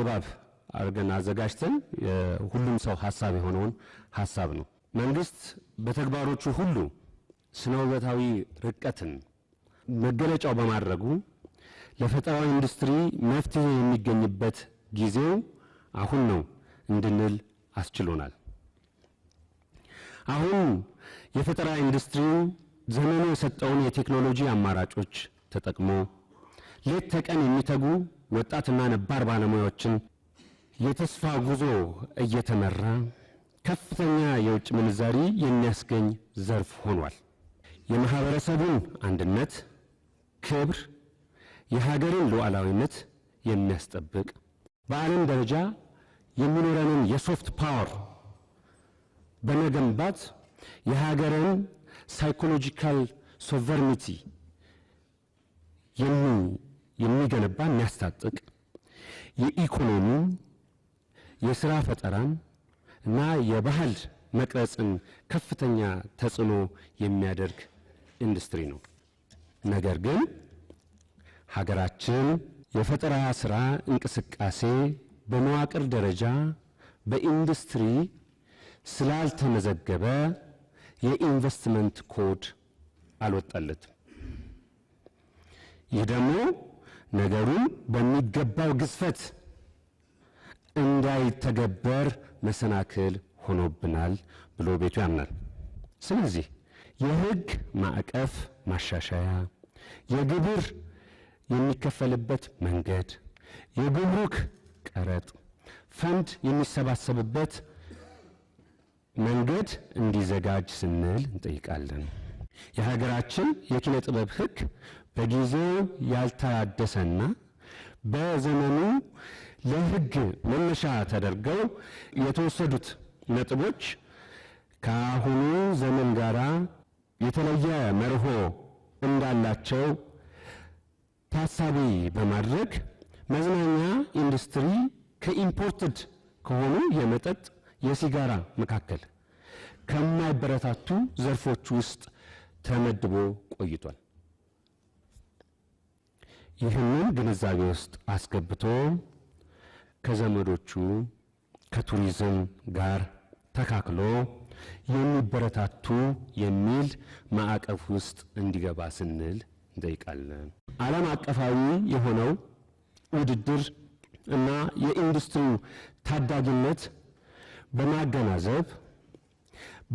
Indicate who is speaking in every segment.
Speaker 1: ድባብ አድርገን አዘጋጅተን ሁሉም ሰው ሀሳብ የሆነውን ሀሳብ ነው። መንግስት በተግባሮቹ ሁሉ ስነ ውበታዊ ርቀትን መገለጫው በማድረጉ ለፈጠራዊ ኢንዱስትሪ መፍትሄ የሚገኝበት ጊዜው አሁን ነው እንድንል አስችሎናል። አሁን የፈጠራ ኢንዱስትሪው ዘመኑ የሰጠውን የቴክኖሎጂ አማራጮች ተጠቅሞ ሌት ተቀን የሚተጉ ወጣትና ነባር ባለሙያዎችን የተስፋ ጉዞ እየተመራ ከፍተኛ የውጭ ምንዛሪ የሚያስገኝ ዘርፍ ሆኗል። የማህበረሰቡን አንድነት፣ ክብር፣ የሀገርን ሉዓላዊነት የሚያስጠብቅ በዓለም ደረጃ የሚኖረንን የሶፍት ፓወር በመገንባት የሀገርን ሳይኮሎጂካል ሶቨርኒቲ የሚ የሚገነባ የሚያስታጥቅ የኢኮኖሚ የስራ ፈጠራን እና የባህል መቅረጽን ከፍተኛ ተጽዕኖ የሚያደርግ ኢንዱስትሪ ነው። ነገር ግን ሀገራችን የፈጠራ ስራ እንቅስቃሴ በመዋቅር ደረጃ በኢንዱስትሪ ስላልተመዘገበ የኢንቨስትመንት ኮድ አልወጣለትም። ይህ ደግሞ ነገሩን በሚገባው ግዝፈት እንዳይተገበር መሰናክል ሆኖብናል ብሎ ቤቱ ያምናል። ስለዚህ የህግ ማዕቀፍ ማሻሻያ፣ የግብር የሚከፈልበት መንገድ፣ የጉምሩክ ቀረጥ፣ ፈንድ የሚሰባሰብበት መንገድ እንዲዘጋጅ ስንል እንጠይቃለን። የሀገራችን የኪነ ጥበብ ህግ። በጊዜው ያልተዳደሰና በዘመኑ ለሕግ መነሻ ተደርገው የተወሰዱት ነጥቦች ከአሁኑ ዘመን ጋር የተለየ መርሆ እንዳላቸው ታሳቢ በማድረግ መዝናኛ ኢንዱስትሪ ከኢምፖርትድ ከሆኑ የመጠጥ የሲጋራ መካከል ከማይበረታቱ ዘርፎች ውስጥ ተመድቦ ቆይቷል። ይህንን ግንዛቤ ውስጥ አስገብቶ ከዘመዶቹ ከቱሪዝም ጋር ተካክሎ የሚበረታቱ የሚል ማዕቀፍ ውስጥ እንዲገባ ስንል እንጠይቃለን። ዓለም አቀፋዊ የሆነው ውድድር እና የኢንዱስትሪው ታዳጊነት በማገናዘብ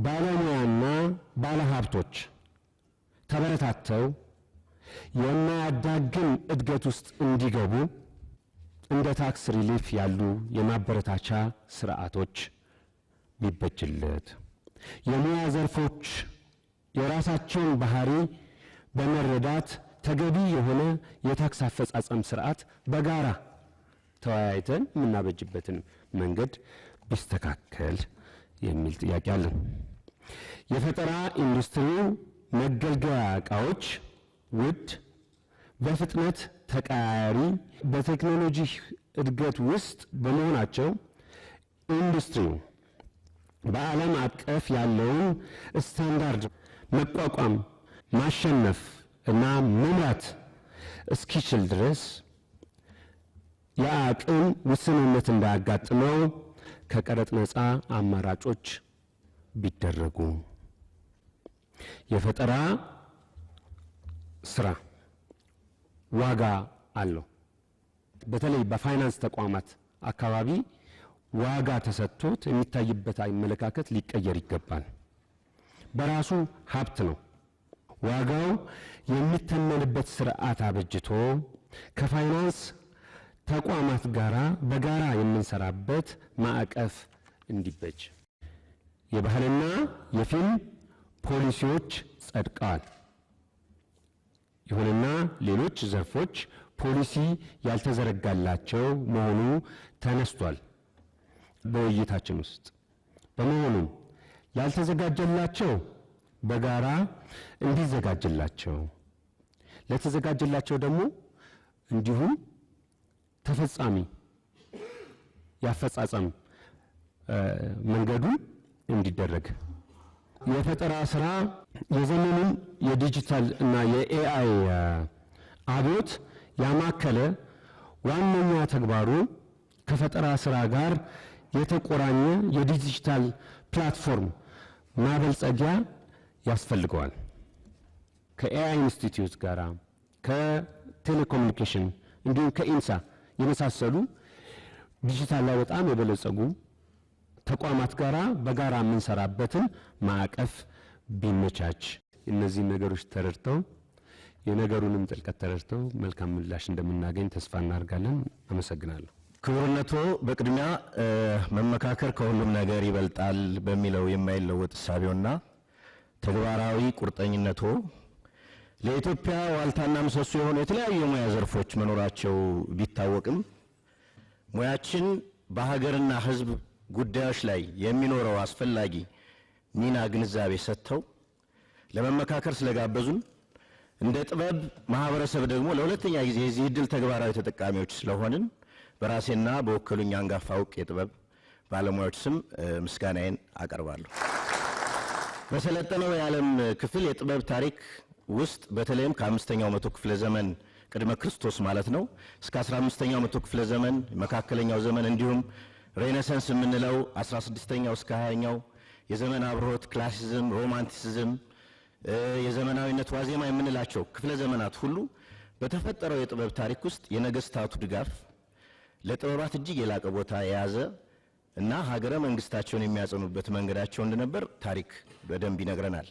Speaker 1: ባለሙያና ባለሀብቶች ተበረታተው የማያዳግም እድገት ውስጥ እንዲገቡ እንደ ታክስ ሪሊፍ ያሉ የማበረታቻ ስርዓቶች ቢበጅለት፣ የሙያ ዘርፎች የራሳቸውን ባህሪ በመረዳት ተገቢ የሆነ የታክስ አፈጻጸም ስርዓት በጋራ ተወያይተን የምናበጅበትን መንገድ ቢስተካከል የሚል ጥያቄ አለን። የፈጠራ ኢንዱስትሪው መገልገያ እቃዎች ውድ፣ በፍጥነት ተቀያሪ፣ በቴክኖሎጂ እድገት ውስጥ በመሆናቸው ኢንዱስትሪው በዓለም አቀፍ ያለውን ስታንዳርድ መቋቋም ማሸነፍ እና መምራት እስኪችል ድረስ የአቅም ውስንነት እንዳያጋጥመው ከቀረጥ ነፃ አማራጮች ቢደረጉ የፈጠራ ስራ ዋጋ አለው። በተለይ በፋይናንስ ተቋማት አካባቢ ዋጋ ተሰጥቶት የሚታይበት አመለካከት ሊቀየር ይገባል። በራሱ ሀብት ነው። ዋጋው የሚተመንበት ስርዓት አበጅቶ ከፋይናንስ ተቋማት ጋር በጋራ የምንሰራበት ማዕቀፍ እንዲበጅ የባህልና የፊልም ፖሊሲዎች ጸድቀዋል። ይሁንና ሌሎች ዘርፎች ፖሊሲ ያልተዘረጋላቸው መሆኑ ተነስቷል በውይይታችን ውስጥ። በመሆኑም ያልተዘጋጀላቸው በጋራ እንዲዘጋጅላቸው፣ ለተዘጋጀላቸው ደግሞ እንዲሁም ተፈጻሚ ያፈጻጸም መንገዱ እንዲደረግ የፈጠራ ስራ የዘመኑን የዲጂታል እና የኤአይ አብዮት ያማከለ ዋነኛ ተግባሩ ከፈጠራ ስራ ጋር የተቆራኘ የዲጂታል ፕላትፎርም ማበልጸጊያ ያስፈልገዋል። ከኤአይ ኢንስቲትዩት ጋር ከቴሌኮሙኒኬሽን እንዲሁም ከኢንሳ የመሳሰሉ ዲጂታል ላይ በጣም የበለጸጉ ተቋማት ጋር በጋራ የምንሰራበትን ማዕቀፍ ቢመቻች እነዚህን ነገሮች ተረድተው የነገሩንም ጥልቀት ተረድተው መልካም ምላሽ እንደምናገኝ ተስፋ እናደርጋለን። አመሰግናለሁ። ክቡርነቶ፣ በቅድሚያ መመካከር ከሁሉም ነገር ይበልጣል በሚለው የማይለወጥ እሳቤውና ተግባራዊ ቁርጠኝነቶ ለኢትዮጵያ ዋልታና ምሰሶ የሆኑ የተለያዩ የሙያ ዘርፎች መኖራቸው ቢታወቅም ሙያችን በሀገርና ሕዝብ ጉዳዮች ላይ የሚኖረው አስፈላጊ ሚና ግንዛቤ ሰጥተው ለመመካከር ስለጋበዙን እንደ ጥበብ ማህበረሰብ ደግሞ ለሁለተኛ ጊዜ የዚህ እድል ተግባራዊ ተጠቃሚዎች ስለሆንን በራሴና በወከሉኝ አንጋፋ እውቅ የጥበብ ባለሙያዎች ስም ምስጋናዬን አቀርባለሁ። በሰለጠነው የዓለም ክፍል የጥበብ ታሪክ ውስጥ በተለይም ከአምስተኛው መቶ ክፍለ ዘመን ቅድመ ክርስቶስ ማለት ነው እስከ አስራ አምስተኛው መቶ ክፍለ ዘመን መካከለኛው ዘመን እንዲሁም ሬኔሰንስ የምንለው 16ኛው እስከ 20ኛው የዘመን አብሮት ክላሲዝም፣ ሮማንቲሲዝም፣ የዘመናዊነት ዋዜማ የምንላቸው ክፍለ ዘመናት ሁሉ በተፈጠረው የጥበብ ታሪክ ውስጥ የነገስታቱ ድጋፍ ለጥበባት እጅግ የላቀ ቦታ የያዘ እና ሀገረ መንግስታቸውን የሚያጸኑበት መንገዳቸው እንደነበር ታሪክ በደንብ ይነግረናል።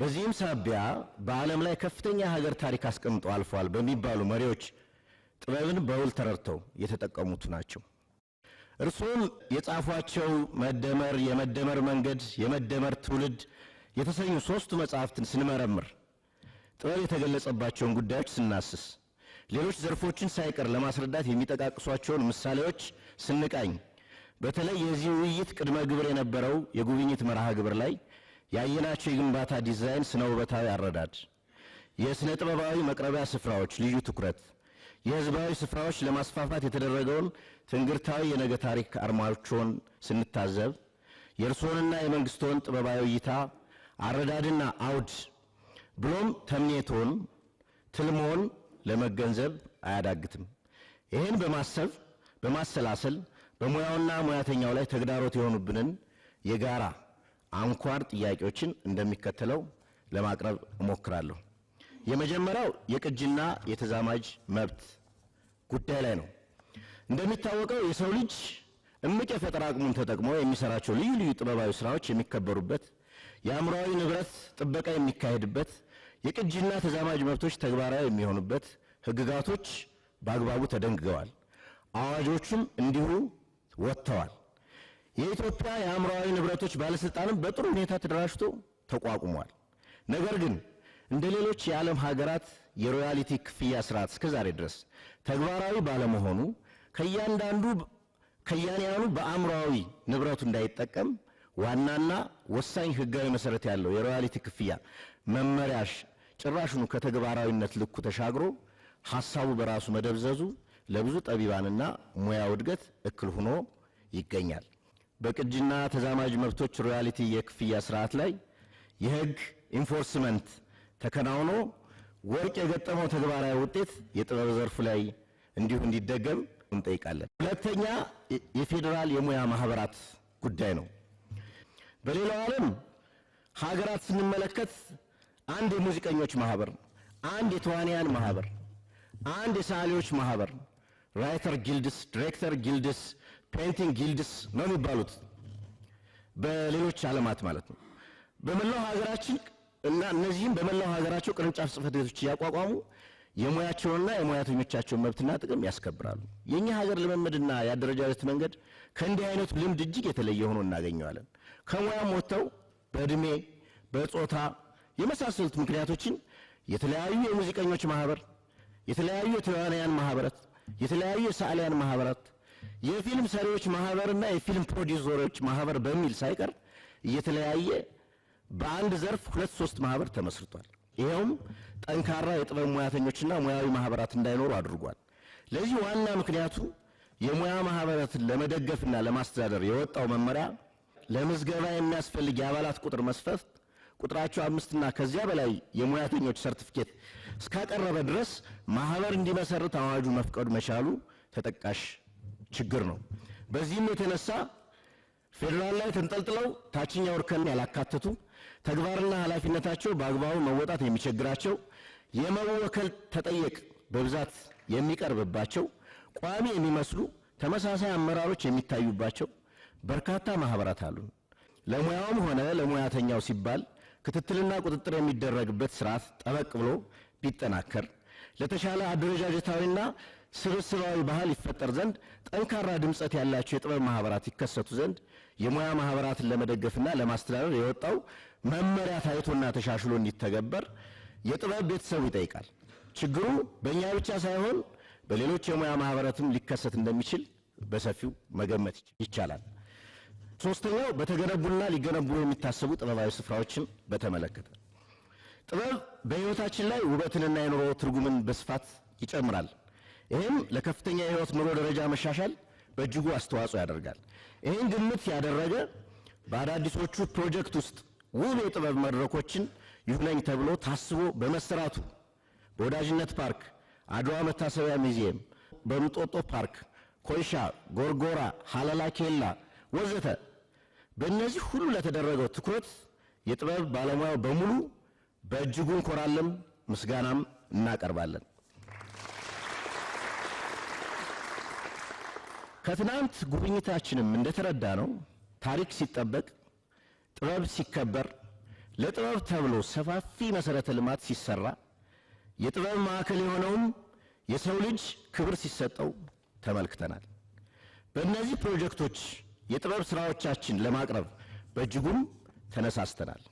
Speaker 1: በዚህም ሳቢያ በዓለም ላይ ከፍተኛ ሀገር ታሪክ አስቀምጦ አልፏል በሚባሉ መሪዎች ጥበብን በውል ተረድተው የተጠቀሙት ናቸው። እርሱም የጻፏቸው መደመር፣ የመደመር መንገድ፣ የመደመር ትውልድ የተሰኙ ሶስቱ መጽሐፍትን ስንመረምር ጥበብ የተገለጸባቸውን ጉዳዮች ስናስስ ሌሎች ዘርፎችን ሳይቀር ለማስረዳት የሚጠቃቅሷቸውን ምሳሌዎች ስንቃኝ በተለይ የዚህ ውይይት ቅድመ ግብር የነበረው የጉብኝት መርሃ ግብር ላይ ያየናቸው የግንባታ ዲዛይን ስነ ውበታዊ አረዳድ፣ የሥነ ጥበባዊ መቅረቢያ ስፍራዎች ልዩ ትኩረት የህዝባዊ ስፍራዎች ለማስፋፋት የተደረገውን ትንግርታዊ የነገ ታሪክ አርማዎችን ስንታዘብ የእርስዎንና የመንግስቶን ጥበባዊ እይታ አረዳድና አውድ ብሎም ተምኔቶን ትልሞን ለመገንዘብ አያዳግትም። ይህን በማሰብ በማሰላሰል በሙያውና ሙያተኛው ላይ ተግዳሮት የሆኑብንን የጋራ አንኳር ጥያቄዎችን እንደሚከተለው ለማቅረብ እሞክራለሁ። የመጀመሪያው የቅጂና የተዛማጅ መብት ጉዳይ ላይ ነው። እንደሚታወቀው የሰው ልጅ እምቅ የፈጠራ አቅሙን ተጠቅሞ የሚሰራቸው ልዩ ልዩ ጥበባዊ ስራዎች የሚከበሩበት፣ የአእምሯዊ ንብረት ጥበቃ የሚካሄድበት፣ የቅጂና ተዛማጅ መብቶች ተግባራዊ የሚሆኑበት ህግጋቶች በአግባቡ ተደንግገዋል። አዋጆቹም እንዲሁ ወጥተዋል። የኢትዮጵያ የአእምሯዊ ንብረቶች ባለስልጣንም በጥሩ ሁኔታ ተደራጅቶ ተቋቁሟል። ነገር ግን እንደ ሌሎች የዓለም ሀገራት የሮያሊቲ ክፍያ ስርዓት እስከዛሬ ድረስ ተግባራዊ ባለመሆኑ ከእያንዳንዱ ከያንያኑ በአእምሯዊ ንብረቱ እንዳይጠቀም ዋናና ወሳኝ ህጋዊ መሰረት ያለው የሮያሊቲ ክፍያ መመሪያሽ ጭራሹኑ ከተግባራዊነት ልኩ ተሻግሮ ሀሳቡ በራሱ መደብዘዙ ለብዙ ጠቢባንና ሙያ እድገት እክል ሆኖ ይገኛል። በቅጂና ተዛማጅ መብቶች ሮያሊቲ የክፍያ ስርዓት ላይ የህግ ኢንፎርስመንት ተከናውኖ ወርቅ የገጠመው ተግባራዊ ውጤት የጥበብ ዘርፉ ላይ እንዲሁ እንዲደገም እንጠይቃለን። ሁለተኛ የፌዴራል የሙያ ማህበራት ጉዳይ ነው። በሌላው ዓለም ሀገራት ስንመለከት አንድ የሙዚቀኞች ማህበር፣ አንድ የተዋንያን ማህበር፣ አንድ የሰዓሊዎች ማህበር ራይተር ጊልድስ፣ ዲሬክተር ጊልድስ፣ ፔንቲንግ ጊልድስ ነው የሚባሉት በሌሎች ዓለማት ማለት ነው። በመላው ሀገራችን እና እነዚህም በመላው ሀገራቸው ቅርንጫፍ ጽህፈት ቤቶች እያቋቋሙ የሙያቸውንና የሙያተኞቻቸውን መብትና ጥቅም ያስከብራሉ። የእኛ ሀገር ልምምድና የአደረጃጀት መንገድ ከእንዲህ አይነቱ ልምድ እጅግ የተለየ ሆኖ እናገኘዋለን። ከሙያም ወጥተው በእድሜ በጾታ የመሳሰሉት ምክንያቶችን የተለያዩ የሙዚቀኞች ማህበር፣ የተለያዩ የተዋናያን ማህበራት፣ የተለያዩ የሰዓሊያን ማህበራት፣ የፊልም ሰሪዎች ማህበርና የፊልም ፕሮዲውሰሮች ማህበር በሚል ሳይቀር እየተለያየ በአንድ ዘርፍ ሁለት ሶስት ማህበር ተመስርቷል። ይኸውም ጠንካራ የጥበብ ሙያተኞችና ሙያዊ ማህበራት እንዳይኖሩ አድርጓል። ለዚህ ዋና ምክንያቱ የሙያ ማህበራትን ለመደገፍና ለማስተዳደር የወጣው መመሪያ ለምዝገባ የሚያስፈልግ የአባላት ቁጥር መስፈርት ቁጥራቸው አምስትና ከዚያ በላይ የሙያተኞች ሰርቲፊኬት እስካቀረበ ድረስ ማህበር እንዲመሰርት አዋጁ መፍቀዱ መቻሉ ተጠቃሽ ችግር ነው። በዚህም የተነሳ ፌዴራል ላይ ተንጠልጥለው ታችኛው እርከን ያላካተቱ ተግባርና ኃላፊነታቸው በአግባቡ መወጣት የሚቸግራቸው የመወከል ተጠየቅ በብዛት የሚቀርብባቸው ቋሚ የሚመስሉ ተመሳሳይ አመራሮች የሚታዩባቸው በርካታ ማህበራት አሉ። ለሙያውም ሆነ ለሙያተኛው ሲባል ክትትልና ቁጥጥር የሚደረግበት ስርዓት ጠበቅ ብሎ ቢጠናከር ለተሻለ አደረጃጀታዊና ስብስባዊ ባህል ይፈጠር ዘንድ ጠንካራ ድምፀት ያላቸው የጥበብ ማህበራት ይከሰቱ ዘንድ የሙያ ማህበራትን ለመደገፍና ለማስተዳደር የወጣው መመሪያ ታይቶና ተሻሽሎ እንዲተገበር የጥበብ ቤተሰቡ ይጠይቃል። ችግሩ በእኛ ብቻ ሳይሆን በሌሎች የሙያ ማህበራትም ሊከሰት እንደሚችል በሰፊው መገመት ይቻላል። ሶስተኛው በተገነቡና ሊገነቡ የሚታሰቡ ጥበባዊ ስፍራዎችን በተመለከተ ጥበብ በህይወታችን ላይ ውበትንና የኑሮ ትርጉምን በስፋት ይጨምራል። ይህም ለከፍተኛ የህይወት ኑሮ ደረጃ መሻሻል በእጅጉ አስተዋጽኦ ያደርጋል። ይህን ግምት ያደረገ በአዳዲሶቹ ፕሮጀክት ውስጥ ውብ የጥበብ መድረኮችን ይሁነኝ ተብሎ ታስቦ በመሰራቱ በወዳጅነት ፓርክ፣ አድዋ መታሰቢያ ሙዚየም፣ በምጦጦ ፓርክ፣ ኮይሻ፣ ጎርጎራ፣ ሀለላ ኬላ ወዘተ በእነዚህ ሁሉ ለተደረገው ትኩረት የጥበብ ባለሙያው በሙሉ በእጅጉ እንኮራለን፣ ምስጋናም እናቀርባለን። ከትናንት ጉብኝታችንም እንደተረዳ ነው ታሪክ ሲጠበቅ ጥበብ ሲከበር ለጥበብ ተብሎ ሰፋፊ መሰረተ ልማት ሲሰራ የጥበብ ማዕከል የሆነውም የሰው ልጅ ክብር ሲሰጠው ተመልክተናል። በእነዚህ ፕሮጀክቶች የጥበብ ስራዎቻችን ለማቅረብ በእጅጉም ተነሳስተናል።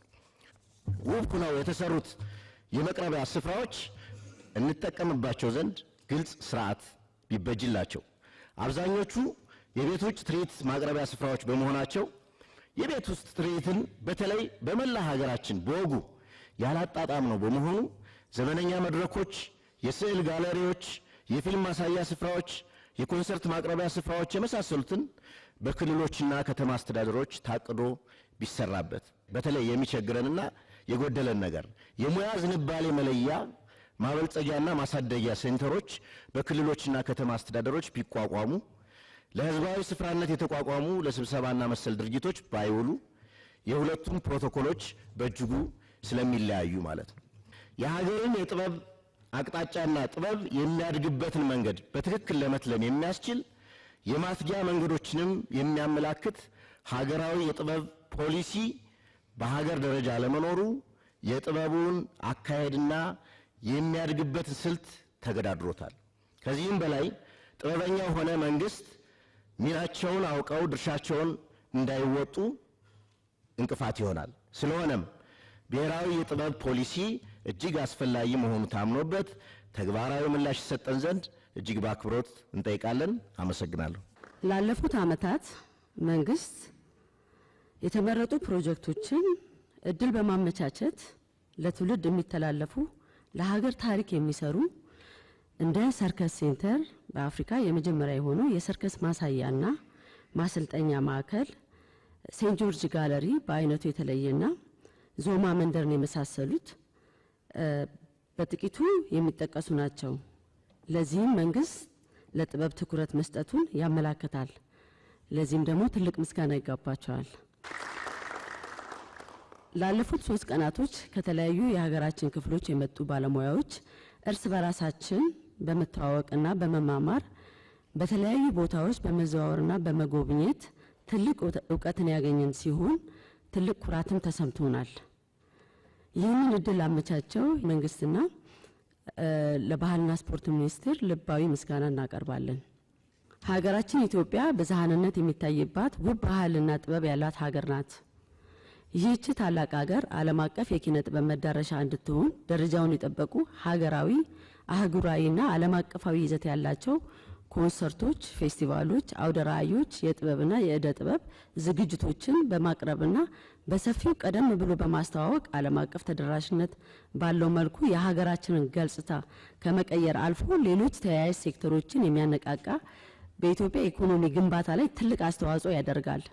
Speaker 1: ውብ ሁነው የተሰሩት የመቅረቢያ ስፍራዎች እንጠቀምባቸው ዘንድ ግልጽ ስርዓት ቢበጅላቸው አብዛኞቹ የቤት ውጭ ትርኢት ማቅረቢያ ስፍራዎች በመሆናቸው የቤት ውስጥ ትርኢትን በተለይ በመላ ሀገራችን በወጉ ያላጣጣም ነው። በመሆኑ ዘመነኛ መድረኮች፣ የስዕል ጋለሪዎች፣ የፊልም ማሳያ ስፍራዎች፣ የኮንሰርት ማቅረቢያ ስፍራዎች የመሳሰሉትን በክልሎችና ከተማ አስተዳደሮች ታቅዶ ቢሰራበት በተለይ የሚቸግረንና የጎደለን ነገር የሙያ ዝንባሌ መለያ ማበልጸጊያና ማሳደጊያ ሴንተሮች በክልሎችና ከተማ አስተዳደሮች ቢቋቋሙ፣ ለህዝባዊ ስፍራነት የተቋቋሙ ለስብሰባና መሰል ድርጅቶች ባይውሉ፣ የሁለቱም ፕሮቶኮሎች በእጅጉ ስለሚለያዩ ማለት ነው። የሀገርን የጥበብ አቅጣጫና ጥበብ የሚያድግበትን መንገድ በትክክል ለመትለም የሚያስችል የማትጊያ መንገዶችንም የሚያመላክት ሀገራዊ የጥበብ ፖሊሲ በሀገር ደረጃ ለመኖሩ የጥበቡን አካሄድና የሚያድግበት ስልት ተገዳድሮታል። ከዚህም በላይ ጥበበኛ ሆነ መንግስት ሚናቸውን አውቀው ድርሻቸውን እንዳይወጡ እንቅፋት ይሆናል። ስለሆነም ብሔራዊ የጥበብ ፖሊሲ እጅግ አስፈላጊ መሆኑ ታምኖበት ተግባራዊ ምላሽ ይሰጠን ዘንድ እጅግ በአክብሮት እንጠይቃለን። አመሰግናለሁ።
Speaker 2: ላለፉት ዓመታት መንግስት የተመረጡ ፕሮጀክቶችን እድል በማመቻቸት ለትውልድ የሚተላለፉ ለሀገር ታሪክ የሚሰሩ እንደ ሰርከስ ሴንተር በአፍሪካ የመጀመሪያ የሆነው የሰርከስ ማሳያና ማሰልጠኛ ማዕከል፣ ሴንት ጆርጅ ጋለሪ በአይነቱ የተለየና ዞማ መንደርን የመሳሰሉት በጥቂቱ የሚጠቀሱ ናቸው። ለዚህም መንግስት ለጥበብ ትኩረት መስጠቱን ያመላክታል። ለዚህም ደግሞ ትልቅ ምስጋና ይገባቸዋል። ላለፉት ሶስት ቀናቶች ከተለያዩ የሀገራችን ክፍሎች የመጡ ባለሙያዎች እርስ በራሳችን በመተዋወቅና በመማማር በተለያዩ ቦታዎች በመዘዋወርና በመጎብኘት ትልቅ እውቀትን ያገኘን ሲሆን ትልቅ ኩራትም ተሰምቶናል። ይህንን እድል አመቻቸው መንግስትና ለባህልና ስፖርት ሚኒስቴር ልባዊ ምስጋና እናቀርባለን። ሀገራችን ኢትዮጵያ ብዝሃነት የሚታይባት ውብ ባህልና ጥበብ ያላት ሀገር ናት። ይህች ታላቅ ሀገር ዓለም አቀፍ የኪነ ጥበብ መዳረሻ እንድትሆን ደረጃውን የጠበቁ ሀገራዊ፣ አህጉራዊና ዓለም አቀፋዊ ይዘት ያላቸው ኮንሰርቶች፣ ፌስቲቫሎች፣ አውደ ርዕዮች፣ የጥበብና የእደ ጥበብ ዝግጅቶችን በማቅረብና በሰፊው ቀደም ብሎ በማስተዋወቅ ዓለም አቀፍ ተደራሽነት ባለው መልኩ የሀገራችንን ገጽታ ከመቀየር አልፎ ሌሎች ተያያዥ ሴክተሮችን የሚያነቃቃ በኢትዮጵያ ኢኮኖሚ ግንባታ ላይ ትልቅ አስተዋጽኦ ያደርጋል።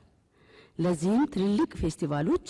Speaker 2: ለዚህም ትልልቅ ፌስቲቫሎች